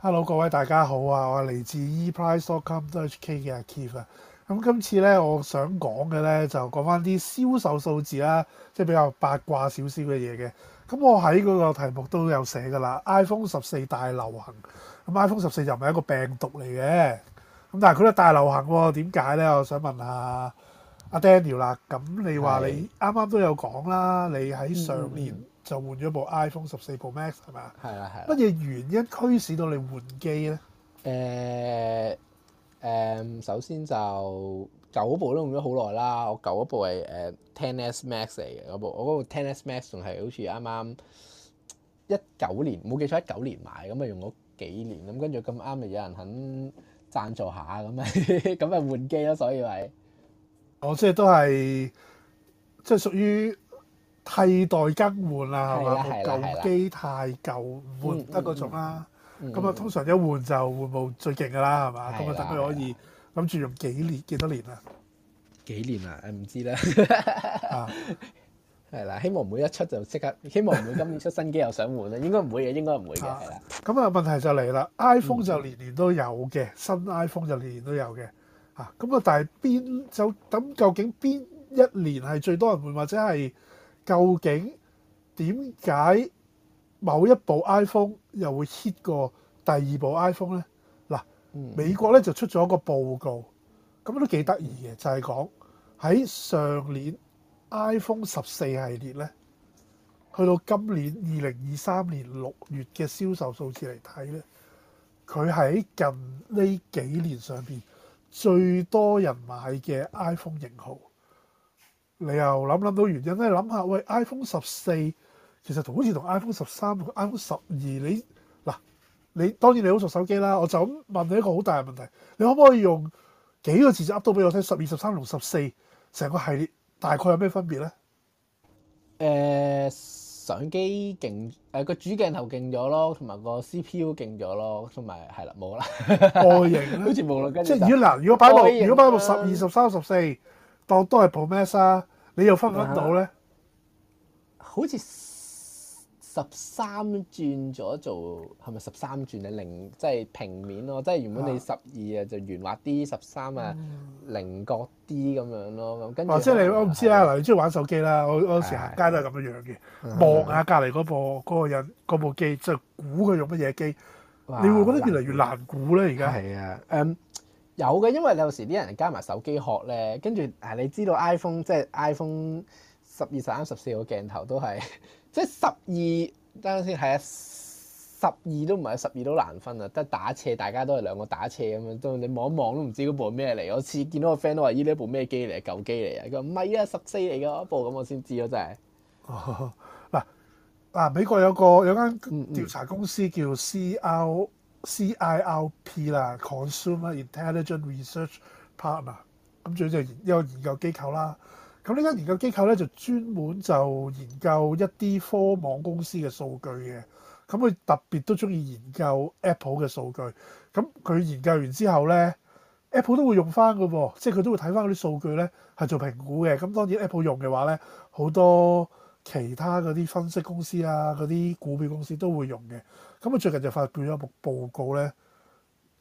Hello，各位大家好啊！我係嚟自 eprice.com.hk 嘅阿 K 啊。咁今次咧，我想講嘅咧就講翻啲銷售數字啦，即係比較八卦少少嘅嘢嘅。咁我喺嗰個題目都有寫噶啦。iPhone 十四大流行，咁 iPhone 十四又唔係一個病毒嚟嘅。咁但係佢都大流行喎，點解咧？我想問下阿 Daniel 啦。咁你話你啱啱都有講啦，的你喺上面。嗯就換咗部 iPhone 十四 Pro Max 係嘛？係啦係啦。乜嘢原因驅使到你換機咧？誒誒，首先就舊部都用咗好耐啦。我舊部係誒 Ten S Max 嚟嘅部，我部 Ten S Max 仲係好似啱啱一九年冇記錯一九年買咁啊，用咗幾年咁，跟住咁啱咪有人肯贊助下咁啊，咁啊 換機咯，所以係。哦，即係都係即係屬於。替代更換啦，係嘛，部舊機太舊，換唔得嗰種啦。咁啊，通常一換就換部最勁嘅啦，係嘛，咁啊，等佢可以諗住用幾年。幾多年啊？幾年啊？誒唔知啦。係啦，希望唔會一出就即刻。希望唔會今年出新機又想換啦。應該唔會嘅，應該唔會嘅。係啦。咁啊，問題就嚟啦。iPhone 就年年都有嘅，新 iPhone 就年年都有嘅。嚇咁啊，但係邊就咁？究竟邊一年係最多人換或者係？究竟點解某一部 iPhone 又會 hit 過第二部 iPhone 呢？嗱，美國咧就出咗一個報告，咁都幾得意嘅，就係講喺上年 iPhone 十四系列咧，去到今年二零二三年六月嘅銷售數字嚟睇咧，佢喺近呢幾年上邊最多人買嘅 iPhone 型號。你又諗諗到原因咧？諗下，喂，iPhone 十四其實同好似同 iPhone 十三、iPhone 十二，你嗱，你當然你好熟手機啦。我就咁問你一個好大嘅問題：你可唔可以用幾個字彙噏到俾我聽？十二、十三同十四成個系列大概有咩分別咧？誒，相機勁誒，個主鏡頭勁咗咯，同埋個 CPU 勁咗咯，同埋係啦，冇啦，外形好似冇啦。即係如果嗱，如果擺落，如果擺落十二、十三、十四。當都係 promise，啊、你又分唔分到咧啊？好似十三轉咗做，係咪十三轉啊？零即係平面咯，即係原本你十二啊就圓滑啲啊，十三啊零角啲咁樣咯。跟住。即係你我唔知啦、啊。嗱啊，你中意玩手機啦、啊，我我成日行街都係咁樣樣嘅，望下隔離嗰部嗰個人嗰部機，就估、是、佢用乜嘢機。哇你會覺得越嚟越難估咧？而家係啊，嗯、啊。And, 有嘅，因為有時啲人加埋手機殼咧，跟住係你知道 iPhone 即係 iPhone 十二、十三、十四個鏡頭都係即係十二，等陣先係啊，十二都唔係十二都難分啊，得打斜大家都係兩個打斜咁樣，你看看都你望一望都唔知嗰部咩嚟。我次見到個 friend 都話：依啲係部咩機嚟啊？舊機嚟啊！佢話唔係啊，十四嚟㗎一部咁，我先知咯，真係。嗱嗱，美國有個有間調查公司叫 CIO。CIRP 啦，Consumer Intelligence Research Partner，咁最就一個研究機構啦。咁呢間研究機構咧就專門就研究一啲科網公司嘅數據嘅。咁佢特別都中意研究 Apple 嘅數據。咁佢研究完之後咧，Apple 都會用翻噶喎，即係佢都會睇翻嗰啲數據咧係做評估嘅。咁當然 Apple 用嘅話咧，好多，其他嗰啲分析公司啊，嗰啲股票公司都會用嘅。咁啊，最近就發表咗一部報告咧。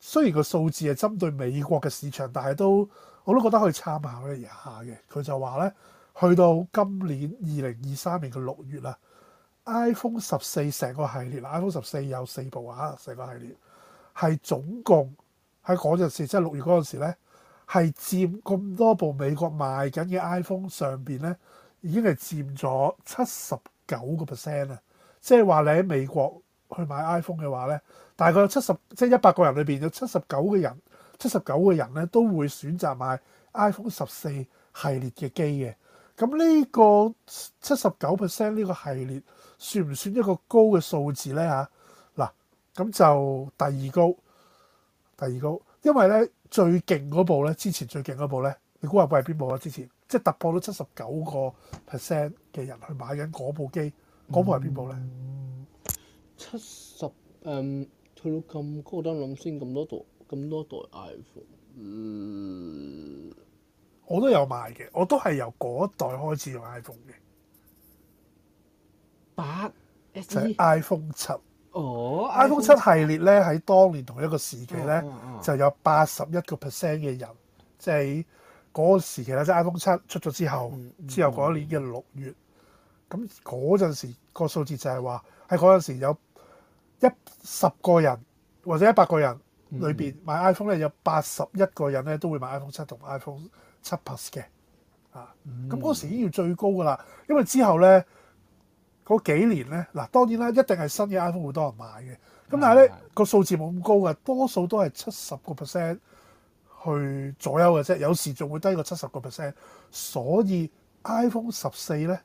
雖然個數字係針對美國嘅市場，但係都我都覺得可以參考一下嘅。佢就話咧，去到今年二零二三年嘅六月啦，iPhone 十四成個系列啦，iPhone 十四有四部啊，成個系列係總共喺嗰陣時，即係六月嗰陣時咧，係佔咁多部美國賣緊嘅 iPhone 上邊咧。已經係佔咗七十九個 percent 啊！即係話你喺美國去買 iPhone 嘅話咧，大概有七十，即係一百個人裏邊有七十九個人，七十九個人咧都會選擇買 iPhone 十四系列嘅機嘅。咁呢個七十九 percent 呢個系列算唔算一個高嘅數字咧？嚇、啊、嗱，咁就第二高，第二高。因為咧最勁嗰部咧，之前最勁嗰部咧，你估下會係邊部啊？之前？即係突破咗七十九個 percent 嘅人去買緊嗰部機，嗰、嗯、部係邊部咧？七十誒，去到咁高，等諗先，咁多代 Phone,、嗯，咁多代 iPhone。我都有買嘅，我都係由嗰代開始用 iPhone 嘅。八，就係 iPhone 七。哦，iPhone 七系列咧，喺、oh, 當年同一個時期咧、oh, oh.，就有八十一個 percent 嘅人，即係。嗰時其實即係 iPhone 七出咗之後，之後嗰一年嘅六月，咁嗰陣時個數字就係話喺嗰陣時有一十個人或者一百個人裏邊買 iPhone 咧，有八十一個人咧都會買 iPhone 七同 iPhone 七 Plus 嘅，啊，咁嗰時已經要最高噶啦，因為之後咧嗰幾年咧，嗱當然啦，一定係新嘅 iPhone 會多人買嘅，咁但係咧個數字冇咁高嘅，多數都係七十個 percent。去左右嘅啫，有時仲會低過七十個 percent，所以 iPhone 十四咧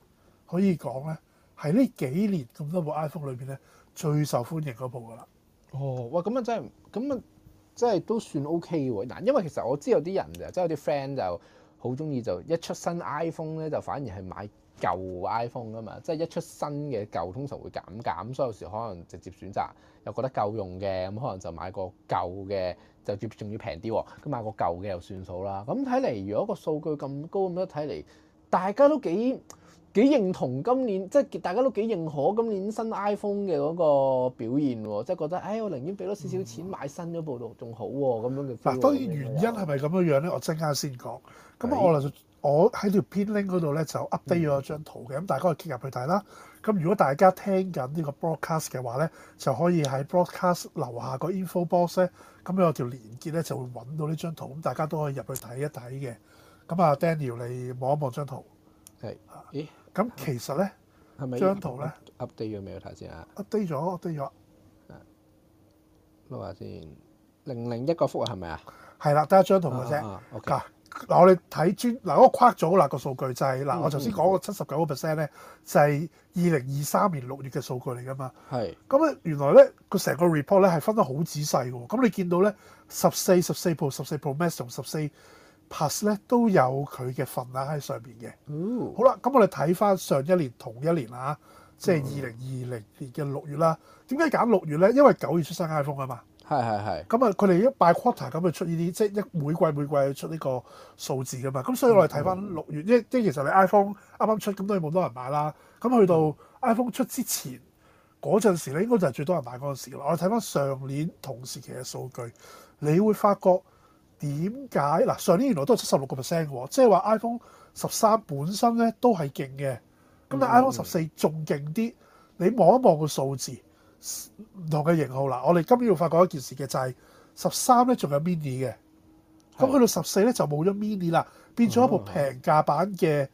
可以講咧，喺呢幾年咁多部 iPhone 裏邊咧，最受歡迎嗰部噶啦。哦，哇！咁啊真係，咁啊真係都算 OK 喎。嗱，因為其實我知有啲人有就即係有啲 friend 就好鍾意就一出新 iPhone 咧，就反而係買。舊 iPhone 啊嘛，即係一出新嘅舊通常會減價，咁所以有時可能直接選擇又覺得夠用嘅，咁可能就買個舊嘅就仲要平啲，咁買個舊嘅又算數啦。咁睇嚟，如果個數據咁高，咁樣睇嚟大家都幾幾認同今年，即係大家都幾認可今年新 iPhone 嘅嗰個表現喎，即係覺得誒、哎，我寧願俾多少少錢買新嗰部仲好喎咁樣嘅。啊、嗯，當然原因係咪咁樣樣咧？我陣間先講。咁我嚟。我喺條片 link 嗰度咧就 update 咗張圖嘅，咁大家可以貼入去睇啦。咁如果大家聽緊呢個 broadcast 嘅話咧，就可以喺 broadcast 留下個 info box 咧，咁有條連結咧就會揾到呢張圖，咁大家都可以入去睇一睇嘅。咁啊，Daniel 你望一望張圖。係。咦？咁其實咧，張圖咧 update 咗未啊？睇先啊。update 咗，update 咗。啊。look 下先。零零一個幅係咪啊？係啦，得一張圖嘅啫。啊。嗱，我哋睇專嗱，我誇咗啦、這個數據就係嗱，我頭先講個七十九個 percent 咧，就係二零二三年六月嘅數據嚟噶嘛。係是。咁咧，原來咧個成個 report 咧係分得好仔細嘅。咁你見到咧十四、十四 pro, 14 pro, 14 pro 14、十四 pro max 同十四 plus 咧都有佢嘅份額喺上邊嘅。嗯、好啦，咁我哋睇翻上一年同一年啦、啊，即係二零二零年嘅六月啦。點解揀六月咧？因為九月出新 iPhone 啊嘛。係係係。咁啊，佢哋一擺 quarter 咁就出呢啲，即係一每季每季出呢個數字㗎嘛。咁所以我哋睇翻六月，即即係其實你 iPhone 啱啱出，咁當然冇多人買啦。咁去到 iPhone 出之前嗰陣時咧，應該就係最多人買嗰陣時咯。我哋睇翻上年同時期嘅數據，你會發覺點解嗱？上年原來都係七十六個 percent 喎，即係話 iPhone 十三本身咧都係勁嘅。咁但 iPhone 十四仲勁啲，你望一望個數字。唔同嘅型號啦，我哋今日要發覺一件事嘅就係十三咧仲有 mini 嘅，咁去的到十四咧就冇咗 mini 啦，變咗一部平價版嘅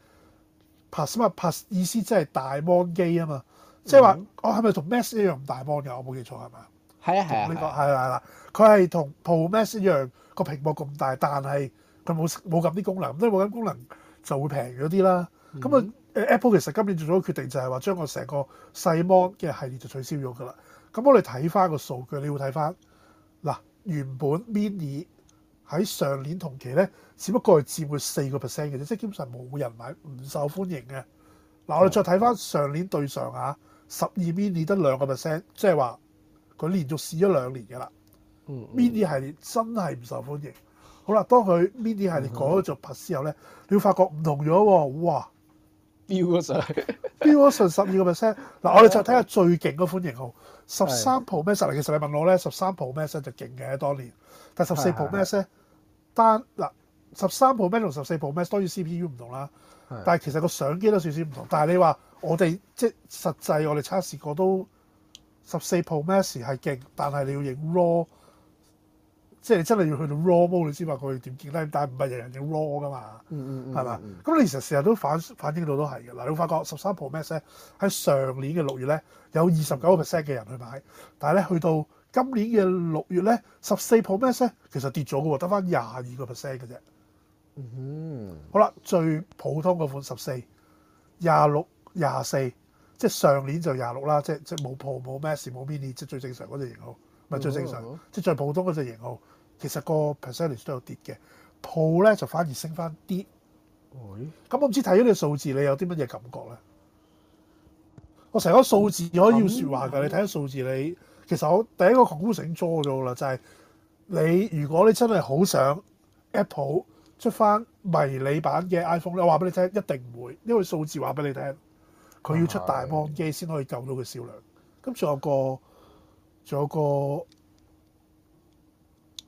Plus、嗯、Plus 咩 Plus 意思即係大 mon 機啊嘛，即係話我係咪同 Max 一樣咁大 mon 嘅？我冇記錯係嘛？係啊係啊，係啦係啦，佢係同 Pro Max 一樣個屏幕咁大，但係佢冇冇咁啲功能，咁所以咁啲功能就會平咗啲啦，咁啊。嗯嗯 Apple 其實今年做咗個決定，就係話將個成個細芒嘅系列就取消咗㗎啦。咁我哋睇翻個數據，你會睇翻嗱，原本 mini 喺上年同期咧，只不過係佔咗四個 percent 嘅啫，即係基本上冇人買，唔受歡迎嘅。嗱、啊，我哋再睇翻上年對上嚇十二 mini 得兩個 percent，即係話佢連續試咗兩年㗎啦。嗯嗯 mini 系列真係唔受歡迎。好啦，當佢 mini 系列改咗做 Plus 之後咧，你會發覺唔同咗喎、哦，哇！飆嗰陣，飆嗰陣十二個 percent。嗱，我哋就睇下最勁嗰款型號，十三 Pro Max 的其實你問我咧，十三 Pro Max 就勁嘅，當年。但十四 Pro Max 咧單嗱，十三、啊、Pro Max 同十四 Pro Max 當然 CPU 唔同啦，的但係其實個相機都少少唔同。但係你話我哋即係實際，我哋測試過都十四 Pro Max 係勁，但係你要影 raw。即係你真係要去到 raw mode 你先話佢點見啦，但係唔係人人用 raw 噶嘛，係嘛、mm？咁、hmm. 你其實成日都反反映到都係嘅。嗱，你會發覺十三 Pro Max 咧喺上年嘅六月咧有二十九個 percent 嘅人去買，但係咧去到今年嘅六月咧十四 Pro Max 咧其實跌咗嘅喎，得翻廿二個 percent 嘅啫。嗯、mm hmm. 好啦，最普通嘅款十四、廿六、廿四，即係上年就廿六啦，即係即係冇 Pro 冇 Max 冇 Mini，即係最正常嗰隻型號。咪最正常，即係最普通嗰隻型號，其實、個 percentage 都有跌嘅，鋪咧就反而升翻啲。咁我唔知睇咗你數字，你有啲乜嘢感覺咧？我成個數字如果要説話㗎，你睇下數字，你其實我第一個 conclusion 錯咗啦，就係、是、你如果你真係好想 Apple 出翻迷你版嘅 iPhone 咧，我話俾你聽，一定唔會，因為數字話俾你聽，佢要出大 mon 機先可以救到佢銷量。咁仲、嗯、有個。仲有個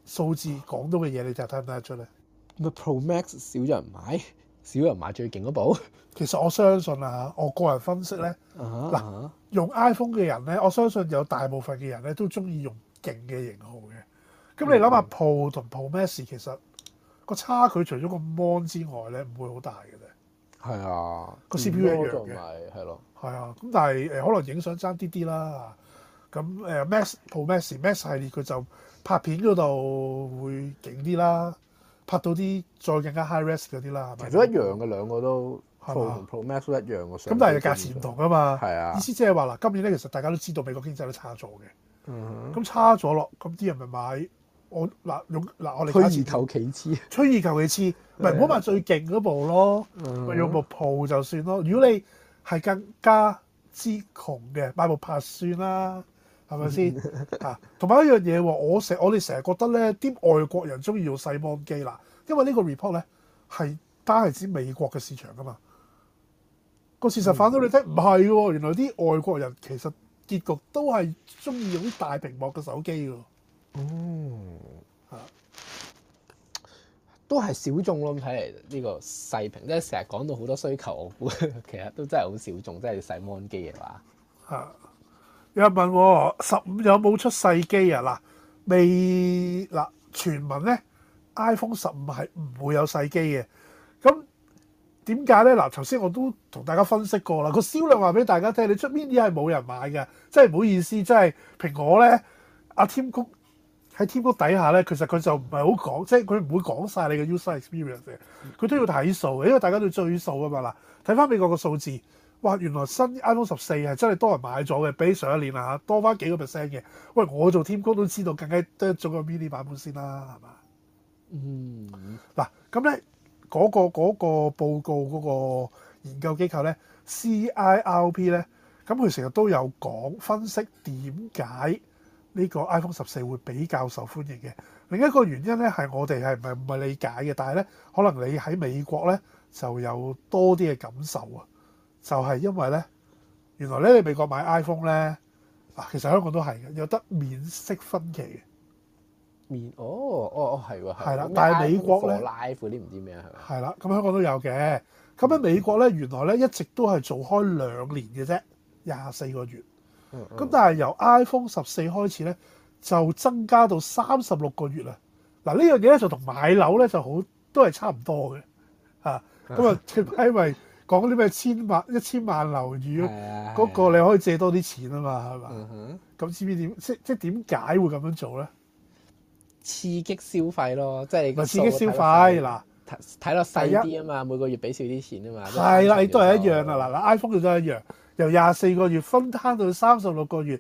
數字講到嘅嘢，你就睇唔睇得出咧？咪 Pro Max 少咗人買，少人買最勁嗰部。其實我相信啊，我個人分析咧，嗱、uh huh. 用 iPhone 嘅人咧，我相信有大部分嘅人咧都中意用勁嘅型號嘅。咁你諗下 Pro 同 Pro Max 其實個差距除咗個 mon 之外咧，唔會好大嘅啫。係啊，個 CPU 一樣嘅，係咯、uh。係、huh. 啊，咁但係誒，可能影相爭啲啲啦。咁誒 Max Pro Max Max 系列佢就拍片嗰度會勁啲啦，拍到啲再更加 high res 嗰啲啦，係咪？如果一樣嘅兩個都吧 Pro 同 Pro Max 都一樣個相，咁但係價錢唔同啊嘛。係啊，意思即係話嗱，今年咧其實大家都知道美國經濟都差咗嘅，咁、嗯、哼差咗咯，咁啲人咪買我嗱用嗱我哋。推而求其次。推而求其次，唔係唔好買最勁嗰部咯，嗯、用部 Pro 就算咯。如果你係更加之窮嘅，買部拍算啦。係咪先啊？同埋 一樣嘢喎，我成我哋成日覺得咧，啲外國人中意用細芒機啦，因為呢個 report 咧係單係指美國嘅市場啊嘛。個事實反到你睇，唔係喎，原來啲外國人其實結局都係中意用大屏幕嘅手機喎。嗯，係吧，都係小眾咯。睇嚟呢個細屏，即係成日講到好多需求，我估其實都真係好少眾，真係細芒機嘅話，係。哦、有人問我，十五有冇出細機啊？嗱，未嗱傳聞咧，iPhone 十五係唔會有細機嘅。咁點解咧？嗱，頭先我都同大家分析過啦。個銷量話俾大家聽，你出 mini 係冇人買嘅。即係唔好意思，即係蘋果咧，阿、啊、Tim Cook 喺 Tim Cook 底下咧，其實佢就唔係好講，即係佢唔會講晒你嘅 user experience。佢都要睇數，因為大家都要追數啊嘛。嗱，睇翻美國個數字。哇！原來新 iPhone 十四係真係多人買咗嘅，比上一年啊多翻幾個 percent 嘅。喂，我做 team 工都知道，更加得咗個 mini 版本先啦嘛。嗯，嗱咁咧，嗰個嗰個報告嗰個研究機構咧，CIRP 咧，咁佢成日都有講分析點解呢個 iPhone 十四會比較受歡迎嘅。另一個原因咧，係我哋係唔係唔係理解嘅？但係咧，可能你喺美國咧就有多啲嘅感受啊。就係因為咧，原來咧你美國買 iPhone 咧，嗱其實香港都係嘅，有得免息分期嘅。免哦，哦哦係喎，係啦。的麼但係美國咧，嗰啲唔知咩係嘛？係啦，咁香港都有嘅。咁喺美國咧，原來咧一直都係做開兩年嘅啫，廿四個月。咁、嗯嗯、但係由 iPhone 十四開始咧，就增加到三十六個月啦。嗱、這個、呢樣嘢就同買樓咧就好都係差唔多嘅。啊咁啊，因為 講啲咩千萬一千萬樓宇咯，嗰、啊、個你可以借多啲錢啊嘛，係嘛？咁知唔知點？即即點解會咁樣做咧？刺激消費咯，即係刺激消費。嗱，睇落細啲啊嘛，每個月俾少啲錢啊嘛。係啦一，你都係一樣啊！嗱、嗯、哼，iPhone 佢都一樣，由廿四個月分攤到三十六個月，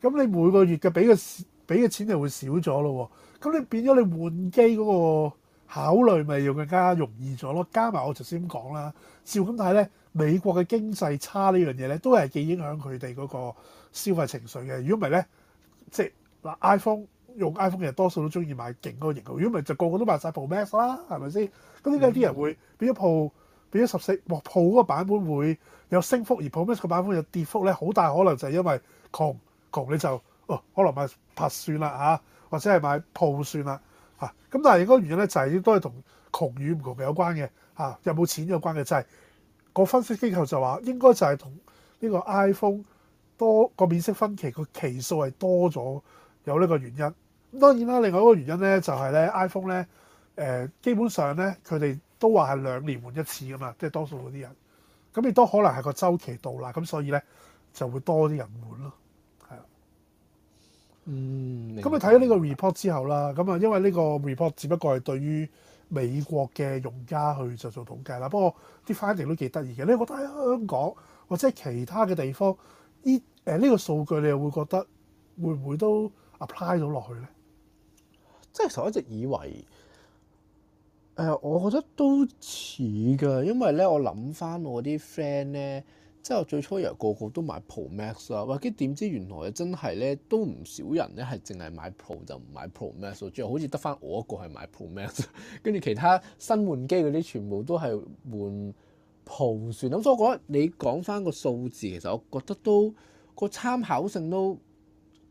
咁你每個月嘅俾嘅俾嘅錢就會少咗咯喎。咁你變咗你換機嗰、那個。考慮咪要更加容易咗咯，加埋我頭先咁講啦。照咁睇咧，美國嘅經濟差呢樣嘢咧，都係幾影響佢哋嗰個消費情緒嘅。如果唔係咧，即係嗱 iPhone 用 iPhone 嘅人多數都中意買勁嗰個型號。如果唔係就個個都買晒 Pro Max 啦，係咪先？咁點解啲人會變咗 Pro 咗十四？哇 p r 個版本會有升幅，而 Pro Max 個版本有跌幅咧？好大可能就係因為窮窮你就哦可能買拍算啦嚇、啊，或者係買 p 算啦。啊，咁但係應該原因咧就係應該係同窮與唔窮有關嘅，啊有冇錢有關嘅，就係個分析機構就話應該就係同呢個 iPhone 多個免息分期個期數係多咗有呢個原因。咁當然啦，另外一個原因咧就係咧 iPhone 咧誒、呃、基本上咧佢哋都話係兩年換一次噶嘛，即係多數嗰啲人，咁亦都可能係個周期到啦，咁所以咧就會多啲人換咯。嗯，咁你睇咗呢個 report 之後啦，咁啊，因為呢個 report 只不過係對於美國嘅用家去就做統計啦。不過啲 finding 都幾得意嘅。你覺得喺香港或者其他嘅地方，依誒呢個數據你又會覺得會唔會都 apply 到落去呢？即係我一直以為，誒、呃，我覺得都似㗎，因為咧，我諗返我啲 friend 咧。即係我最初以為個個都買 Pro Max 啦，或者點知原來真係咧，都唔少人咧係淨係買 Pro 就唔買 Pro Max，最後好似得翻我一個係買 Pro Max，跟住其他新換機嗰啲全部都係換 Pro 算。咁所以我覺得你講翻個數字，其實我覺得都個參考性都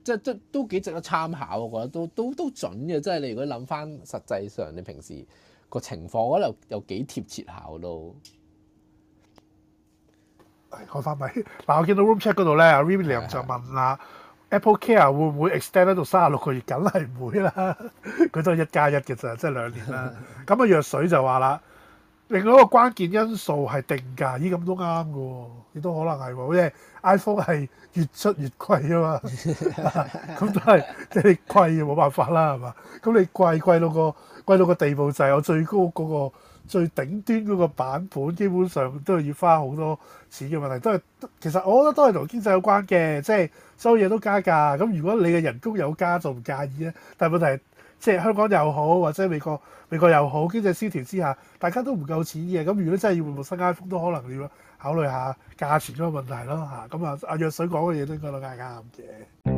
即係都都幾值得參考。我覺得都都都準嘅，即係你如果諗翻實際上你平時個情況，我覺得又又幾貼切下都。開返咪嗱，我見到 room check 嗰度咧 William 就問啦的，Apple Care 會唔會 extend 到三十六個月？梗係唔會啦，佢 都係一加一嘅啫，即、就、係、是、兩年啦。咁啊、 嗯，藥水就話啦，另外一個關鍵因素係定價，咦，咁都啱嘅，亦都可能係喎，因為 iPhone 係越出越貴啊嘛，咁 都係即係你貴冇辦法啦，係嘛？咁你貴貴到個貴到個地步就係我最高嗰、那個。最頂端嗰個版本基本上都係要花好多錢嘅問題，都係其實我覺得都係同經濟有關嘅，即係所有嘢都加價。咁如果你嘅人工有加，就唔介意咧。但係問題係，即係香港又好或者美國美國又好，經濟蕭條之下，大家都唔夠錢嘅。咁如果真係要換部新 iPhone，都可能要考慮下價錢嗰個問題咯。嚇，咁啊，阿、啊、若水講嘅嘢都講得啱嘅。